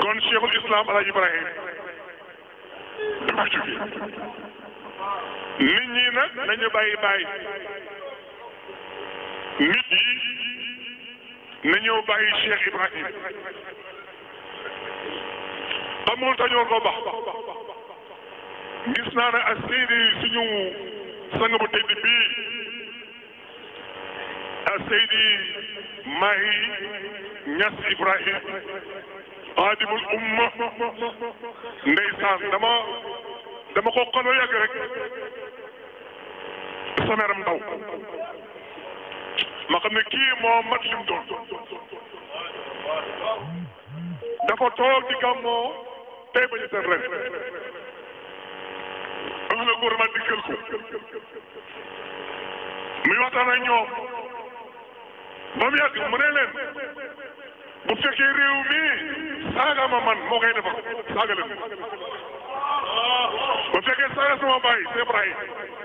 doon cheikhul islam El Ibrahim dafa jóge nit ñi nag nañu bàyyi bàyyi nit yi nañoo bàyyi cheikh Ibrahim xamul dañoo ko gis naa ne ak seydi suñu sang bu tedd bii ak seydi Ibrahim. ma umma ndeysaan dama dama ko xaloo yàgg rek sama yaram daw ma xam ne kii moo mat lim doon dafa toog di gàmmoo tey bañu seen ren am na gouvernement dikkal ko muy waxtaan ak ñoom ba mu yàgg mu ne leen bu fekkee réew mi saaga ma man moo koy defar saaga leen bu fekkee saaga sama baay Cheikh Ibrahim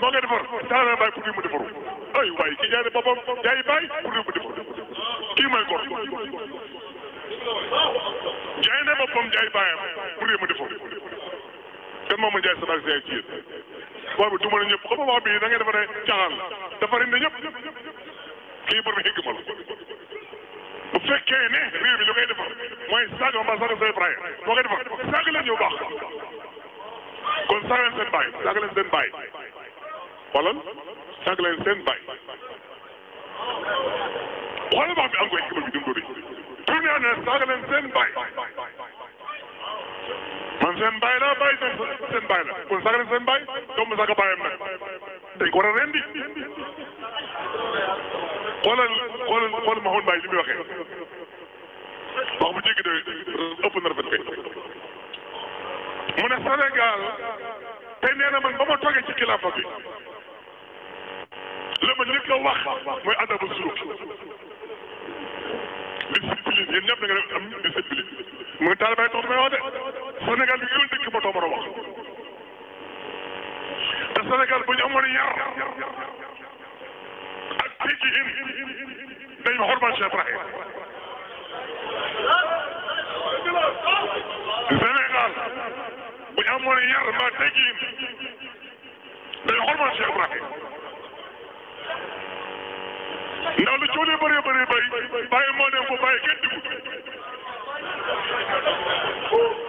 moo koy defar saaga sama baay pour mu defaru ay waay kii jaay boppam jaay baay pour mu defaru kii may gor jaay na boppam jaay baayam pour mu defaru kan moom ma jaay sama ak ci yéen wax bi duma na ñëpp xam nga wax bi da ngay defaree caaxaan kii bër bi xëgg ma fekkee ne réew mi lu koy defar mooy Sadio Mbaye Sadio Seye Ibrahima moo koy defar saaga leen ñu baax kon saaga leen seen baay saaga leen seen baay xoolal saaga leen seen baay xoolal baax bi am ko équipe bi dimbali tourné ne saaga leen seen baay man seen baay la baay seen baay la kon saaga leen seen baay doomu saaga baayam nag dañ ko war a rendi xoolal xoolal xoolal ma xamoon bàyyi li muy waxee wax bu jéggi doy ëpp na rafet kay mu ne Sénégal te nee na man ba ma toogee ci xilaafa bi la ma njëkk a wax mooy adabu suluk discipline yéen ñëpp da nga am discipline mu ngi taalibaay tax may wax de Sénégal bi yoon dëkk ba too mën a wax te Sénégal bu ñu amoon yar ak teggi Benim hormatça Ibrahim. Sénégal bu ñu amoon yar ma teggin dañu xormal Cheikh Ibrahim ndax lu coolee bëree bëri bay bàyyi moo dem bu bàyyi kenn digut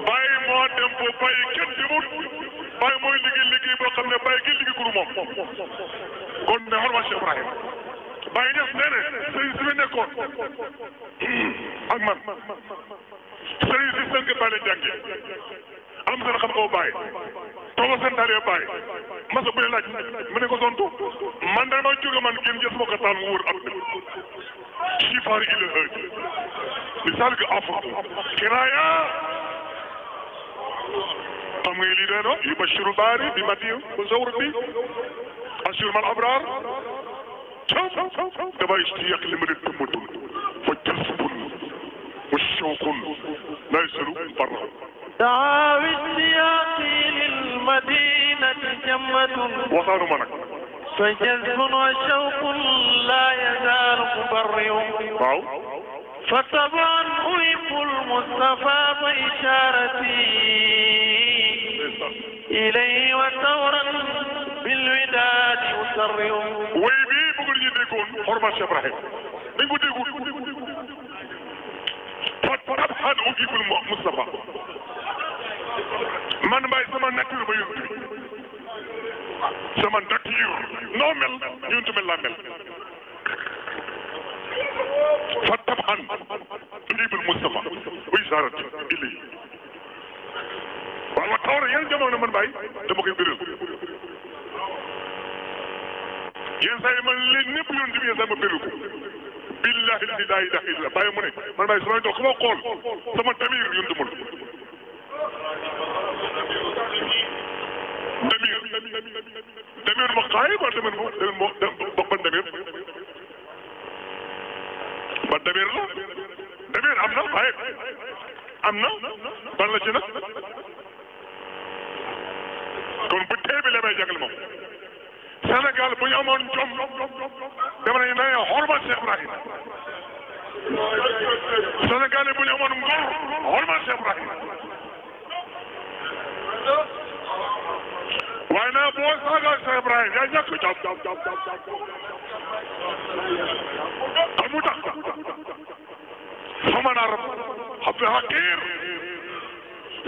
bàyyi moo dem bu bàyyi kenn digut bàyyi mooy liggéey liggéey boo xam ne bàyyi kenn liggéey kuru moom kon ne xormal Cheikh Ibrahim bàyyi def nee na sëriñ si ak man sëriñ si sënk bàyyi la am seen xam koo bàyyi tooba seen taree bàyyi masa bu ne laaj mu ne ko sontu man dama jóge man génn jës moo ko taal ab bi sifaar ila hëj misaal ga afa kiraaya xam nga lii dee no yu baari bi madiw ba zawr abrar دابا اشتياق المريض تموتون فالجلس والشوق لا يزال برا دعا بالسياقي للمدينة جمد وصار منك فجذب وشوق لا يزال مبرئ فطبعا أحب المصطفى بإشارتي إليه وثورا بالوداد أسرئ déggoon xorma Cheikh Ibrahim dañ ko déggoon fa tabxan uhibul Mustafa man mbay sama nature ba yontu bi sama nature noo mel yontu mel laa mel fa tabxan uhibul Mustafa buy sarat ilay waaw taw rek yan jamono man mbay dama koy yenn saa yi man leen ñëpp yoon bi yenn saa yi ma bëri ko billahi la ilaha illa bàyyi mu ne man bàyyi sama dox sama xool sama damir yoon dumul damir damir ma xaay ba damir mo damir mo ba ban damir ba damir la damir am na waaye am na ban la ci nag kon bu tee bi la may jagal moom Senegal bu ñu amoon jom dama ne nañu xormal Cheikh Ibrahim Sénégal bu ñu amoon ngor xormal Cheikh Ibrahim waaye naa boo saaga Cheikh Ibrahim yaa ñàkk jom amu tax فمن عرف حب حكيم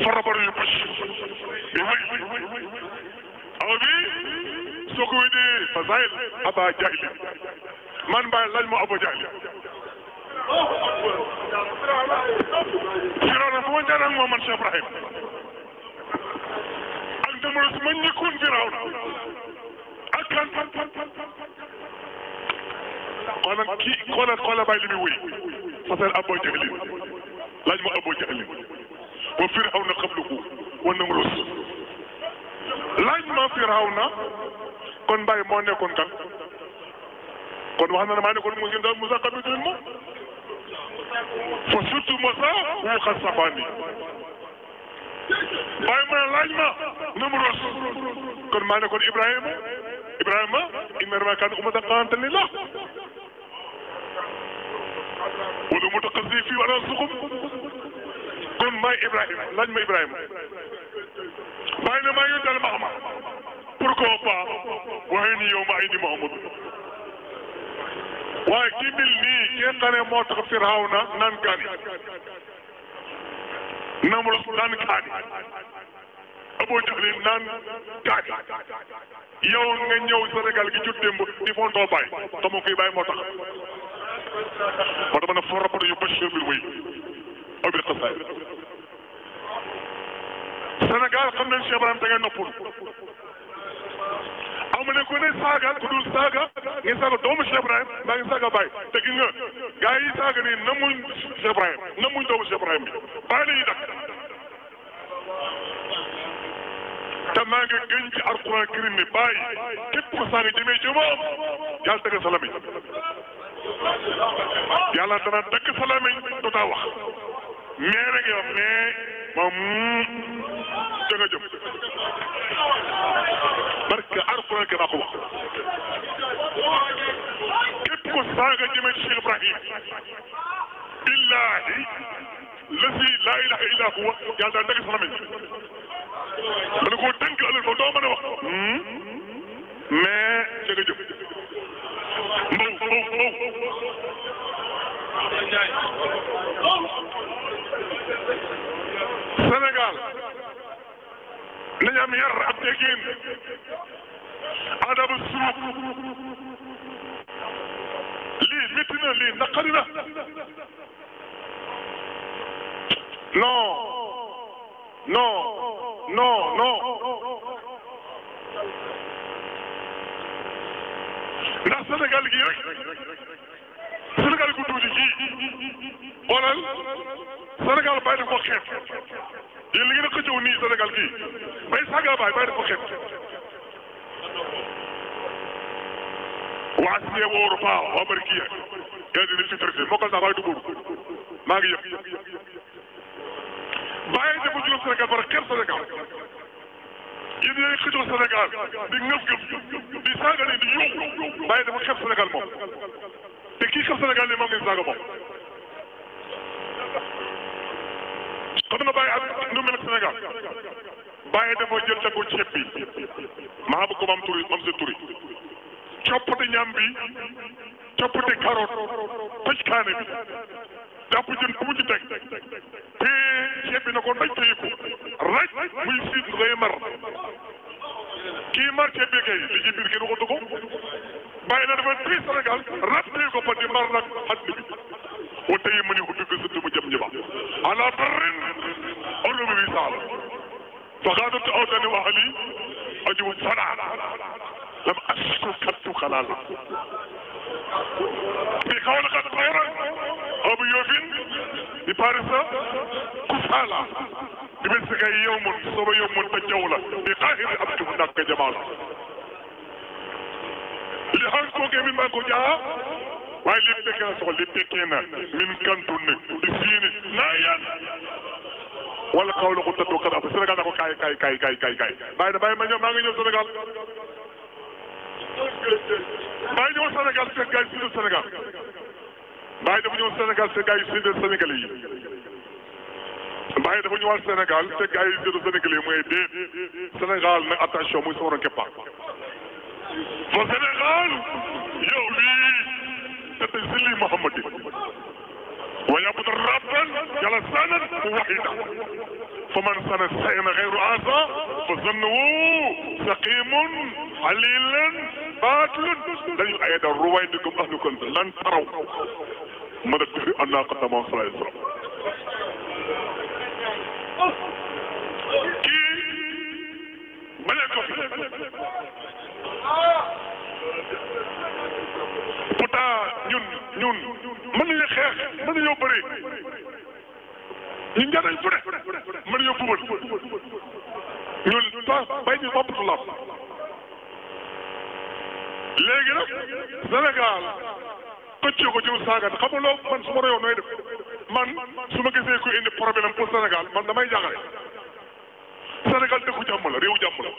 فربر يبش يهي او بي تقولي فزعل أبا جهل من بين لجم أبو جهل فرعون فمن جانا ومن شاف رحيم عندما من يكون فرعون أكن قال قال قال باي لي وي فسال أبو جهل لجم أبو جهل وفرعون قبله والنمرس لجم فرعون kon Mbaye moo nekkoon kan kon wax na ne maa nekkoon Moussa Ndao Moussa Kaddu Diouf moom fa surtout Moussa wu xas safaani Mbaye ma laaj ma nu mu ros kon maa nekkoon Ibrahima Ibrahima inna rabbaka kaana ummatan qaanitan lillaah wala mu tax a fii wala suqum kon maay Ibrahima laaj ma Ibrahima Mbaye ne maa ngi dal ma xam pourquoi pas. waxee ni yow ma indi Muhammadu waaye ki bil nii ki nga moo tax Firawna naan kaani Namrud naan kaani Abu Jahli naan kaani yow nga ñëw Sénégal gi jot démb di fontoo baay te baay moo tax ma dama ne fo rapport yu bashir bil wéy aw bil xasaay Sénégal xam nañ Cheikh Ibrahima da dama ne ku ne saagal ku dul saaga nga saaga doomu Cheikh Ibrahim daa saaga Baye te gis nga gars saaga nii namuñ Cheikh Ibrahim namuñ doomu Cheikh Ibrahim bi Baye la ñuy te maa ngi gën ci alquran karim mi Baye képp ko saaga jëmee ci moom yàlla dëgg sa lamiñ yàlla dana dëgg sa lamiñ dootaa wax mais rek yow mais moom da nga jëm te alxuraan kenn ak ko wax képp ku saaga jëmee ci Cheikh Ibrahim billaahi lasi laa ilaha illa huwa yàlla daal dagg sana mel dana koo tënk ëllëg ko doo mën a wax hmm? mais ca nga jëm mbaw mbaw Sénégal nañ am yar ak maadaama suuf lii métti na lii naqari na non non non non ndax Sénégal gii rek Sénégal gu tuuti gii xoolal Sénégal bàyyi daf ko xeeb yéen li ngeen a xëccoo nii Sénégal gii bay saaga baay bàyyi daf ko xeeb waasisiye wooru faa wa mari kiye yeedini fitrete mokkal sa faydu ɓuru maa ngi yëpp bàyyi defu juróom Sénégal bara xer Sénégal yéen yéen xëccoo Sénégal di ngëf ngëf di saaga ni di yuux bàyyi dafa xer Sénégal moom te kii xer Sénégal ni moom ngeen saaga moom xam nga bàyyi ak nu mel ak Sénégal bàyyi dafa jël taggu ceeb ko mam turi mam si turi coppite ñam bi coppite carotte tëj kaane bi jàpp jën ku mu ci ceeb bi na ko ndaj téye ko raj muy siit day mar kii mar ceeb bi kay li ci biir kenn waxatu ko bàyyi na dafa tri Sénégal rab téye ko pati mar nag xat bi wata yi mu ni huddu mu jëm ñi ba ala darrin olu bi saala fa xaadatu awtani wa ahli ajibu sanaa لم أشكو كنت خلاله بيكون قد غير أبو يوفين ببارسة كفالة بمسك يوم صوب يوم تجولة بقاهر أبتو هناك جمال لحنكو كمين مانكو جاء waaye li fekkee soxla li fekkee na min kantu ne di fiini naa yan wala kaw la ko tattoo kan ab Sénégal na ko kaay kaay kaay kaay kaay bàyyi na bàyyi ma ñëw maa ngi ñëw Sénégal maa ngi demoon Sénégal fekk gars yi suñu Sénégal maa ngi demoon Sénégal fekk gars yi suñu Sénégalais yi maa ngi demoon ñëwaat Sénégal fekk gars yi suñu Sénégalais mooy déet Sénégal nag attention muy sama képp fa Sénégal yow lii c'était Zili Mohamed ويبدو ربا يلا سند وحيدا فمن سند سين غير عزا فظنه سقيم عليلا باطل لن يؤيد رويدكم أهلكم لن تروا مدى الكفر الناقة موسى إسراء كي ملكو pourtant ñun ñun mën nañu xeex mën nañoo bëri ñun njëriñ fu ne mën nañoo fubal ñun toog bay ñu bopp su léegi nag Sénégal xëccoo ko jiw saagat xam nga loolu man su ma royoon nooy def man su ma gisee ku indi problème pour Sénégal man damay jaaxle Sénégal dëkku jàmm la réew jàmm la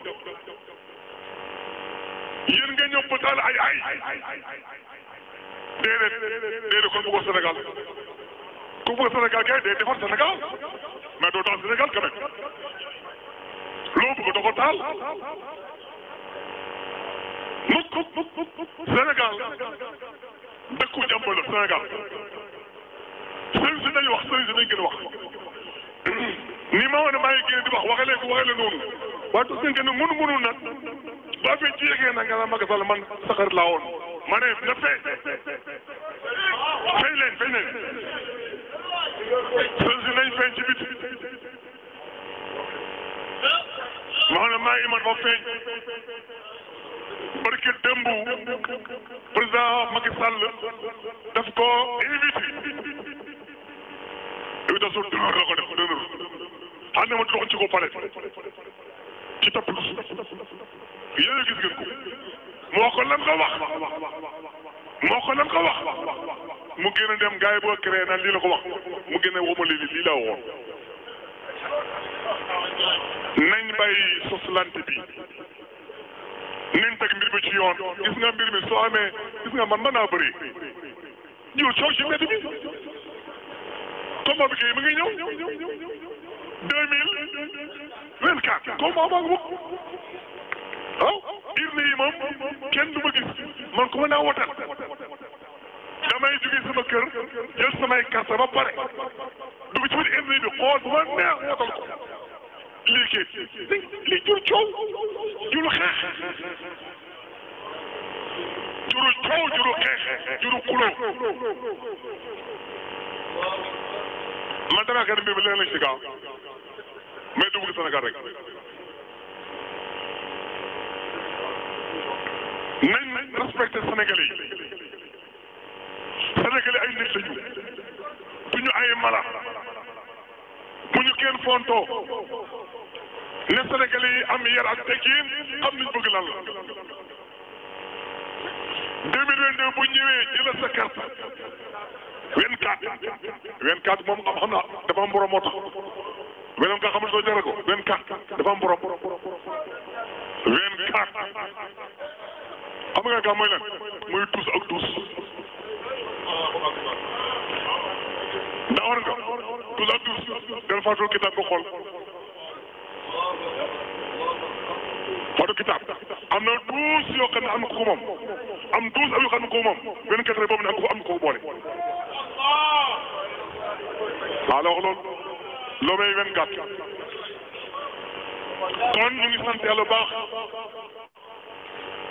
yéen nga ñëw ba taal ay ay déedéet déedéet kon bëggoon Sénégal ku bëgg Sénégal kay day defar Sénégal mais doo taal Sénégal quand même loo bëgg doo taal. Sénégal dëkku jàmm la Sénégal sëriñ si dañu wax sëriñ si dañ gën wax ni ma woon maa ngi génn di wax waxee leen ko waxee leen noonu waaye tuuti ngeen ne mënu mënu nag ba fee ci yeggee na nga naan Macky Sall man saxar laa woon ma ne na fee fay leen fay leen sëriñ si nañ feeñ ci ma xam ne maa parce que démb président Macky Sall daf ko invité invitation d'honneur la ko def d'honneur xam ne ma doxoon ci ko pare ci topp yéen gis ngeen ko moo ko lan ko wax moo ko lan ko wax mu gën a dem gars yi boo créé naan lii la ko wax mu gën a wóoma lii lii laa woon nañ bàyyi soslante bi nañ teg mbir mi ci yoon gis nga mbir mi soo amee gis nga man mën naa bëri ñëw coow ci mbedd mi combat bi kii mu ngi ñëw deux mille vingt quatre combat baa ngi bëgg ah urne yi moom kenn du ma gis man ku ma naa wotal damay jógee sama kër jël samay carte ba pare dugg ci biir urne bi xool bu ma neex wotal Li ki? Li jor chou? Jor lakhe? Jor chou jor lakhe? Jor kulo? Ma dara gade bibe lè nèj dikaw? Mè tou blis ane gare? Men men respektè sanekali. Sanekali ay lèj dikaw. Mwen yo aye mwala. Mwen yo ken fon to? Mwen yo aye mwala. les sénégalais am yar ak teggin xam nañ bëgg lan la. 2022 bu ñëwee jëlal sa carte 24 24 moom xam naa dafa am borom moo tax weneen nga xam ne soo jëlee ko 24 dafa am borom 24 xam nga nga mooy lan muy tous ak tous d'accord nga Fatou Kitab am na douze yoo xam ne am na ko moom am douze am yoo xam ne ko moom benn kese boobu ne am na ko boole. waaw la wax loolu loo may wen gàtt kon ñu ngi sant yàlla baax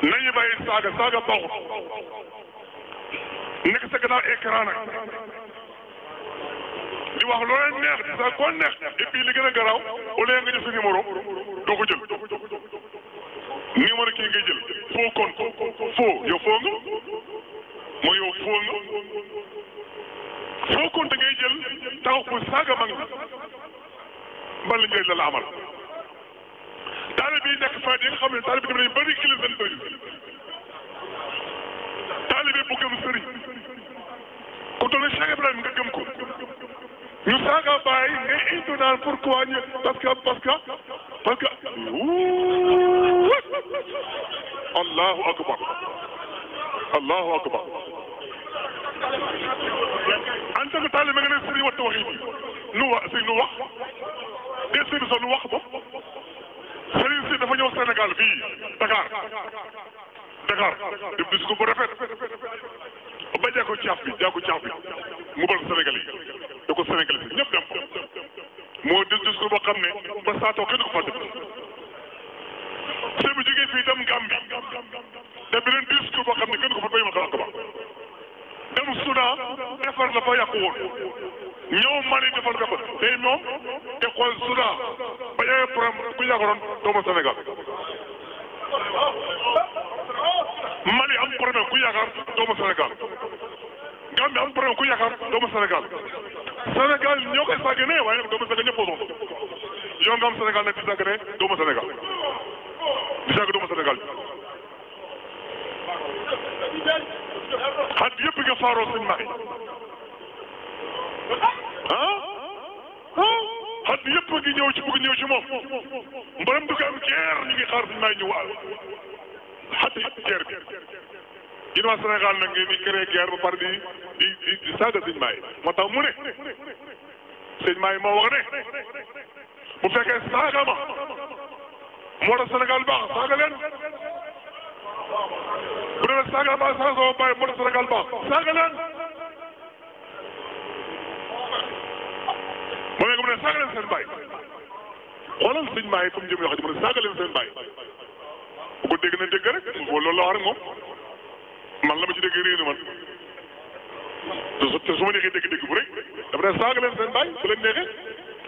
nañu bàyyi saaga saaga baaxut nekk sa gannaaw écran nag wax loo leen sa ko neex et gën a garaaw au nga jël sa numéro doo jël numéro kii ngay jël kon foo yow foo nga mooy yow foo nga foo kon da ngay jël taxaw pour saaga mag mbal njëriñ la la amal bi nekk faa yi nga xam ne taalibe bi dañu bëri kilifa seen sëriñ taalibe bu gëm sëriñ ku toll ne ñu saaga bàyyi nga indu naan pourquoi ñu parce que parce que parce que allahu akbar allahu akbar en tant que taalibe nga ne sëriñ waxtu waxi bi nu wax si nu wax des sëriñ sa nu wax ba sëriñ si dafa ñëw Sénégal fii Dakar Dakar def discours bu rafet ba jàkko caaf bi jàkko caaf bi mu bal Sénégal yi da ko Sénégal bi ñëpp dem ko moo di discours boo xam ne ba saatoo kenn ko fàtte sëñ bi jógee fii dem Gambie te beneen discours boo xam ne kenn ko fàtte ma ko ba dem Soudan defar la fa yàqu woon ñëw Mali defar la fa tey moom te xool Soudan ba yooyu problème ku yàqoon doomu Sénégal Mali am problème ku yaakaar doomu Sénégal Gambie am problème ku yaakaar doomu Sénégal Sénégal ñoo koy sàggane waaye nag doomu a sonn yow nga am Sénégal nag di sàggane doomu Sénégal di sàgg doomu Sénégal xat yëpp nga faaroo sëñ Mahi ah ah xat yëpp ngi ñëw ci bëgg ñëw ci moom ngi xaar sëñ Mahi ñu waal xat yëpp guerre bi yéen waa Sénégal di saaga sëñ Maay moo ta mu ne sëñ Maay moo wax ne fekkee saaga ma moo tax Sénégal baax saaga leen bu demee saaga ma saaga sama baay moo tax Sénégal baax saaga leen mu ne mu ne saaga leen seen baay xoolal sëñ Maay comme jëm yoo xam ne mu ne saaga leen seen baay bu ko dégg na dégg rek loolu la wax rek moom man la ma ci dégg réer man. te su te su ma neexee dégg-dégg bu rek dafa ne saaga leen seen baay bu leen neexee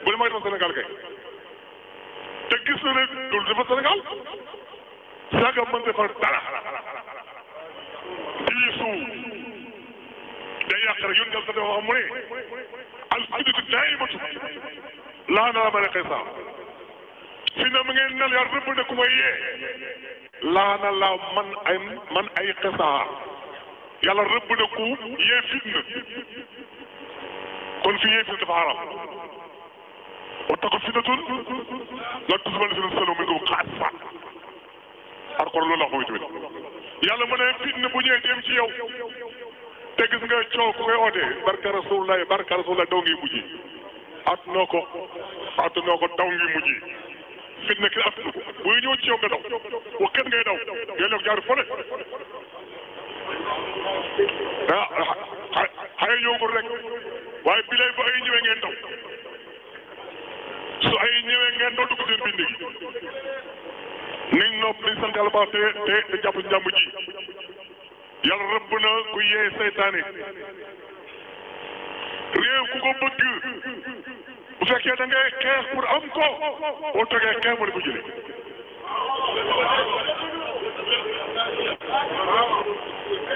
bu leen ma itam Sénégal kay te gis na ne loolu dafa Sénégal saaga mën defar dara lii suuf day yàq rek yoon nga xam ne wax mu ne al fitnatu daa'imatu laa nara ma saa fi na mu ngeen nel yar rëbb ne ku may yee laa na laa man ay man ay xesaa yàlla rëbb na ku yee fitna kon fi yee fitna dafa xaram wattaqu fitnatan laa tusiibanna llaziina zalamu minkum xaassatan Alxuraan loolu la wax tamit yàlla mu ne fitna bu ñëwee dem ci yow te gis nga coow ku koy ootee barka Rasulullah barka Rasulullah daw ngi mujj at noo ko at noo ko daw ngi mujj fitna ki at buy ñëw ci yow nga daw wa kenn ngay daw ngay lekk jaar fële ah xëy na yombul rek waaye bilay bu ay ñëwee ngeen daw su ay ñëwee ngeen daw dugg seen bind nopp di sant yàlla te te te jàpp ji yàlla rëbb na ku yee seytaane ku ko bëgg bu fekkee da ngay xeex pour ko boo toogee xeex mu ne ko jëlee.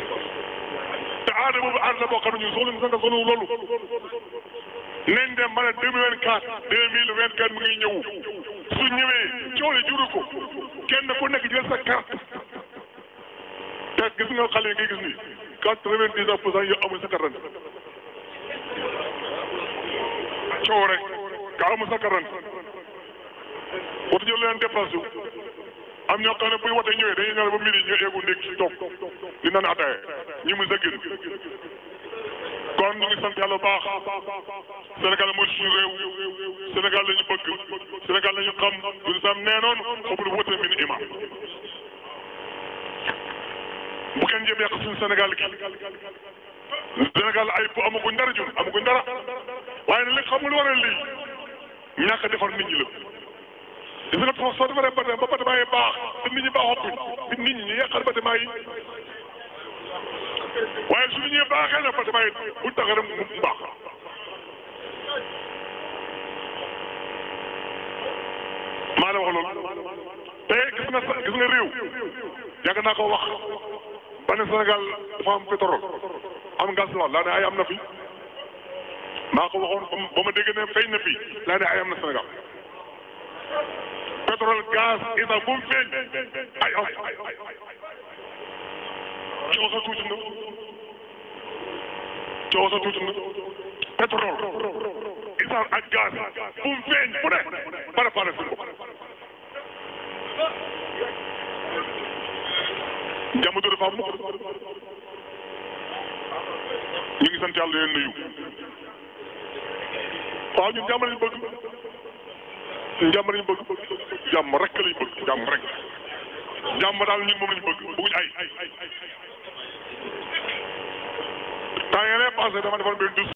te aada boobu aada la boo xam ne ñun soxla nañu ko loolu. nañ dem ba ne deux mille vingt quatre deux mille vingt quatre mu ngi ñëw su ñëwee coono juru ko kenn ku nekk jël sa carte te gis nga xale yi ngay gis ni quatre vingt dix neuf pour cent sa carte coow rek ka amul sa carte oto jël leen dépassé am ñoo xam ne buy wote ñëwee dañuy ñëw ba midi ñu eegu ndéeg ci toog di naan ataaya ñi mu sëggin kon ñu ngi sant yàlla baax Sénégal mooy suñu réew Sénégal lañu bëgg Sénégal lañu xam duñu sam nee noon xobul wote min imam bu kenn jëm yàq suñu Sénégal gi Sénégal ay po amaguñ dara ñun amaguñ dara waaye nag li xamul waral lii ñàkk defar nit ñi la gis nga foofu soo defaree bâtiment ba bâtiment yi baax te nit ñi baaxoon bi nit ñi yàqal bâtiment yi waaye su nit ñi baaxee na bâtiment yi buñ tax a dem mu baax. maa la wax loolu te gis nga sa gis nga réew yàgg naa ko wax ba ne Sénégal dafa am pétrole am gaz la laa ne ay am na fi maa ko waxoon ba ma dégg ne feeñ na fi laa ne ay am na Sénégal. Petrol gas is a movement. I Petrol is a gas movement. Pune. Para para sumbo. jamu do dafa mukk ñu ngi sant njam lañ bëgg bëgg njam rek lañ bëgg njam rek njam dal ñun moom lañ bëgg